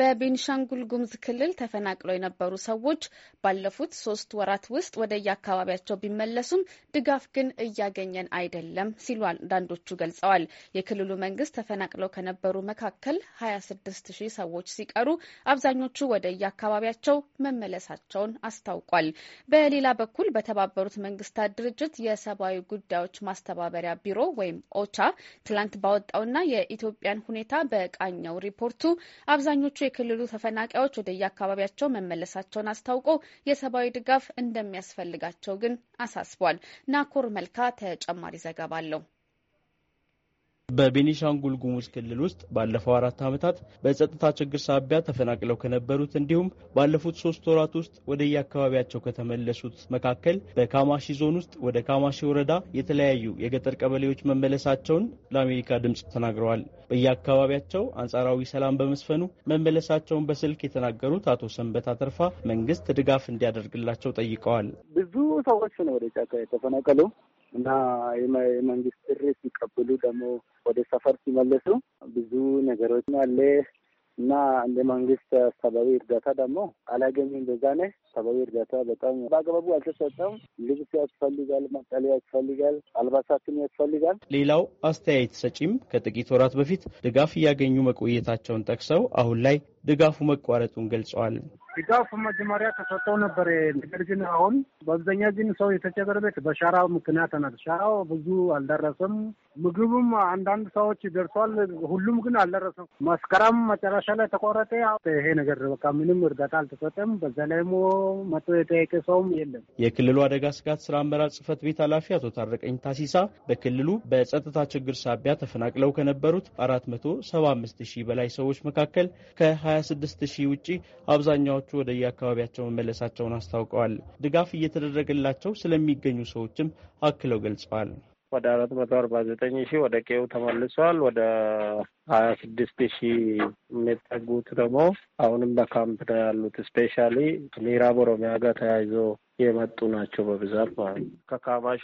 በቤኒሻንጉል ጉሙዝ ክልል ተፈናቅለው የነበሩ ሰዎች ባለፉት ሶስት ወራት ውስጥ ወደ የአካባቢያቸው ቢመለሱም ድጋፍ ግን እያገኘን አይደለም ሲሉ አንዳንዶቹ ገልጸዋል። የክልሉ መንግስት ተፈናቅለው ከነበሩ መካከል 26 ሺህ ሰዎች ሲቀሩ አብዛኞቹ ወደ የአካባቢያቸው መመለሳቸውን አስታውቋል። በሌላ በኩል በተባበሩት መንግስታት ድርጅት የሰብአዊ ጉዳዮች ማስተባበሪያ ቢሮ ወይም ኦቻ ትላንት ባወጣውና የኢትዮጵያን ሁኔታ በቃኘው ሪፖርቱ አብዛኞቹ ያላቸው የክልሉ ተፈናቃዮች ወደየአካባቢያቸው መመለሳቸውን አስታውቆ የሰብአዊ ድጋፍ እንደሚያስፈልጋቸው ግን አሳስቧል። ናኮር መልካ ተጨማሪ ዘገባ አለው። በቤኒሻንጉል ጉሙዝ ክልል ውስጥ ባለፈው አራት ዓመታት በጸጥታ ችግር ሳቢያ ተፈናቅለው ከነበሩት እንዲሁም ባለፉት ሶስት ወራት ውስጥ ወደ የአካባቢያቸው ከተመለሱት መካከል በካማሺ ዞን ውስጥ ወደ ካማሺ ወረዳ የተለያዩ የገጠር ቀበሌዎች መመለሳቸውን ለአሜሪካ ድምፅ ተናግረዋል። በየአካባቢያቸው አንጻራዊ ሰላም በመስፈኑ መመለሳቸውን በስልክ የተናገሩት አቶ ሰንበት አተርፋ መንግስት ድጋፍ እንዲያደርግላቸው ጠይቀዋል። ብዙ ሰዎች ነው ወደ ጫካ የተፈናቀለው። እና የመንግስት ጥሪ ሲቀበሉ ደግሞ ወደ ሰፈር ሲመለሱ ብዙ ነገሮች አለ እና እንደ መንግስት ሰብአዊ እርዳታ ደግሞ አላገኝም። በዛ ነ ሰብአዊ እርዳታ በጣም በአግባቡ አልተሰጠም። ልብስ ያስፈልጋል፣ መጠለያ ያስፈልጋል፣ አልባሳትም ያስፈልጋል። ሌላው አስተያየት ሰጪም ከጥቂት ወራት በፊት ድጋፍ እያገኙ መቆየታቸውን ጠቅሰው አሁን ላይ ድጋፉ መቋረጡን ገልጸዋል። ድጋፉ መጀመሪያ ተሰጠው ነበር። ነገር ግን አሁን በአብዛኛ ግን ሰው የተቸገረበት በሻራው ምክንያት ናት። ሻራው ብዙ አልደረሰም። ምግብም አንዳንድ ሰዎች ደርሷል፣ ሁሉም ግን አልደረሰም። መስከረም መጨረሻ ላይ ተቆረጠ። ይሄ ነገር በቃ ምንም እርዳታ አልተሰጠም። በዛ ላይ ሞ መቶ የጠየቀ ሰውም የለም። የክልሉ አደጋ ስጋት ስራ አመራር ጽህፈት ቤት ኃላፊ አቶ ታረቀኝ ታሲሳ በክልሉ በጸጥታ ችግር ሳቢያ ተፈናቅለው ከነበሩት አራት መቶ ሰባ አምስት ሺህ በላይ ሰዎች መካከል ከሀ ከ26 ሺህ ውጪ አብዛኛዎቹ ወደየአካባቢያቸው መመለሳቸውን አስታውቀዋል። ድጋፍ እየተደረገላቸው ስለሚገኙ ሰዎችም አክለው ገልጸዋል። ወደ አራት መቶ አርባ ዘጠኝ ሺህ ወደ ቄው ተመልሷል። ወደ ሀያ ስድስት ሺህ የሚጠጉት ደግሞ አሁንም በካምፕ ነው ያሉት። ስፔሻሊ ምዕራብ ኦሮሚያ ጋር ተያይዞ የመጡ ናቸው በብዛት ማለት ነው። ከካማሽ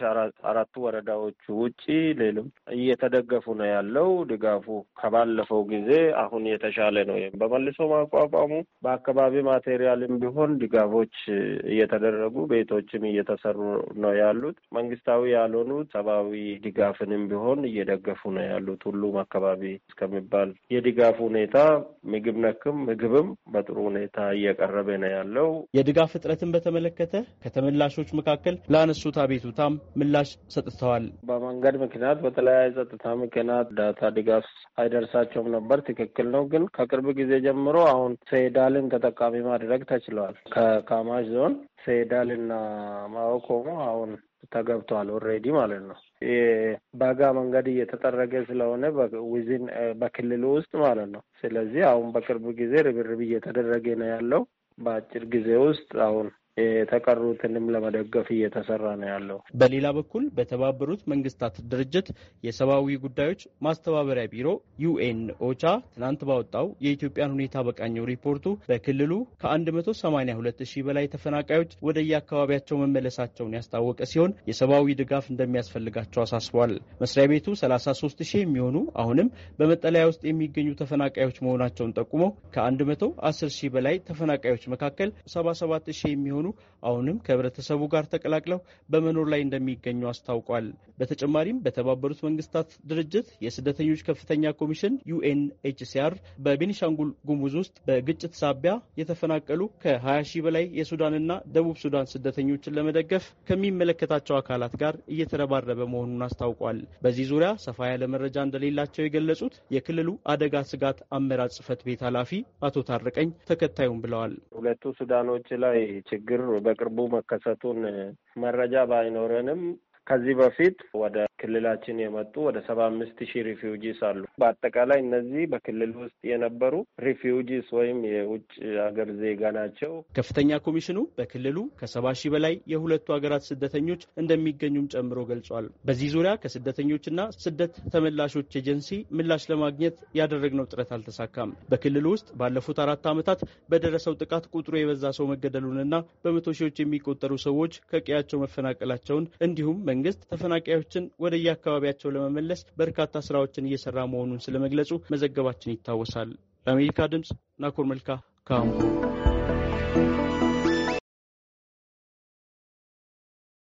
አራቱ ወረዳዎቹ ውጪ ሌሎም እየተደገፉ ነው ያለው። ድጋፉ ከባለፈው ጊዜ አሁን የተሻለ ነው። በመልሶ ማቋቋሙ በአካባቢ ማቴሪያልም ቢሆን ድጋፎች እየተደረጉ ቤቶችም እየተሰሩ ነው ያሉት። መንግስታዊ ያልሆኑ ሰብአዊ ድጋፍንም ቢሆን እየደገፉ ነው ያሉት። ሁሉም አካባቢ እስከሚባል የድጋፍ ሁኔታ ምግብ ነክም ምግብም በጥሩ ሁኔታ እየቀረበ ነው ያለው። የድጋፍ እጥረትን በተመለከተ ከተመላሾች መካከል ለአነሱት አቤቱታም ምላሽ ሰጥተዋል። በመንገድ ምክንያት በተለያየ ጸጥታ ምክንያት ዳታ ድጋፍ አይደርሳቸውም ነበር። ትክክል ነው። ግን ከቅርብ ጊዜ ጀምሮ አሁን ሴዳልን ተጠቃሚ ማድረግ ተችለዋል። ከካማሽ ዞን ሴዳልና ማወቆሞ አሁን ተገብተዋል። ኦልሬዲ ማለት ነው። በጋ መንገድ እየተጠረገ ስለሆነ ዊዝን በክልሉ ውስጥ ማለት ነው። ስለዚህ አሁን በቅርብ ጊዜ ርብርብ እየተደረገ ነው ያለው። በአጭር ጊዜ ውስጥ አሁን የተቀሩትንም ለመደገፍ እየተሰራ ነው ያለው። በሌላ በኩል በተባበሩት መንግስታት ድርጅት የሰብአዊ ጉዳዮች ማስተባበሪያ ቢሮ ዩኤን ኦቻ ትናንት ባወጣው የኢትዮጵያን ሁኔታ በቃኘው ሪፖርቱ በክልሉ ከ182 ሺህ በላይ ተፈናቃዮች ወደ የአካባቢያቸው መመለሳቸውን ያስታወቀ ሲሆን የሰብአዊ ድጋፍ እንደሚያስፈልጋቸው አሳስቧል። መስሪያ ቤቱ 33 ሺህ የሚሆኑ አሁንም በመጠለያ ውስጥ የሚገኙ ተፈናቃዮች መሆናቸውን ጠቁመው ከ110 ሺህ በላይ ተፈናቃዮች መካከል 77 ሺህ የሚሆኑ ሲሆኑ አሁንም ከህብረተሰቡ ጋር ተቀላቅለው በመኖር ላይ እንደሚገኙ አስታውቋል። በተጨማሪም በተባበሩት መንግስታት ድርጅት የስደተኞች ከፍተኛ ኮሚሽን ዩኤንኤችሲአር በቤኒሻንጉል ጉሙዝ ውስጥ በግጭት ሳቢያ የተፈናቀሉ ከ20 ሺህ በላይ የሱዳንና ደቡብ ሱዳን ስደተኞችን ለመደገፍ ከሚመለከታቸው አካላት ጋር እየተረባረበ መሆኑን አስታውቋል። በዚህ ዙሪያ ሰፋ ያለ መረጃ እንደሌላቸው የገለጹት የክልሉ አደጋ ስጋት አመራር ጽህፈት ቤት ኃላፊ አቶ ታርቀኝ ተከታዩም ብለዋል። ሁለቱ ሱዳኖች ላይ ችግር ችግር በቅርቡ መከሰቱን መረጃ ባይኖረንም ከዚህ በፊት ወደ ክልላችን የመጡ ወደ ሰባ አምስት ሺህ ሪፊውጂስ አሉ። በአጠቃላይ እነዚህ በክልል ውስጥ የነበሩ ሪፊውጂስ ወይም የውጭ ሀገር ዜጋ ናቸው። ከፍተኛ ኮሚሽኑ በክልሉ ከሰባ ሺህ በላይ የሁለቱ ሀገራት ስደተኞች እንደሚገኙም ጨምሮ ገልጿል። በዚህ ዙሪያ ከስደተኞችና ስደት ተመላሾች ኤጀንሲ ምላሽ ለማግኘት ያደረግነው ጥረት አልተሳካም። በክልሉ ውስጥ ባለፉት አራት ዓመታት በደረሰው ጥቃት ቁጥሩ የበዛ ሰው መገደሉንና በመቶ ሺዎች የሚቆጠሩ ሰዎች ከቀያቸው መፈናቀላቸውን እንዲሁም መንግስት ተፈናቃዮችን ወደየአካባቢያቸው ለመመለስ በርካታ ስራዎችን እየሰራ መሆኑን ስለመግለጹ መዘገባችን ይታወሳል። ለአሜሪካ ድምፅ ናኮር መልካ ካምፖ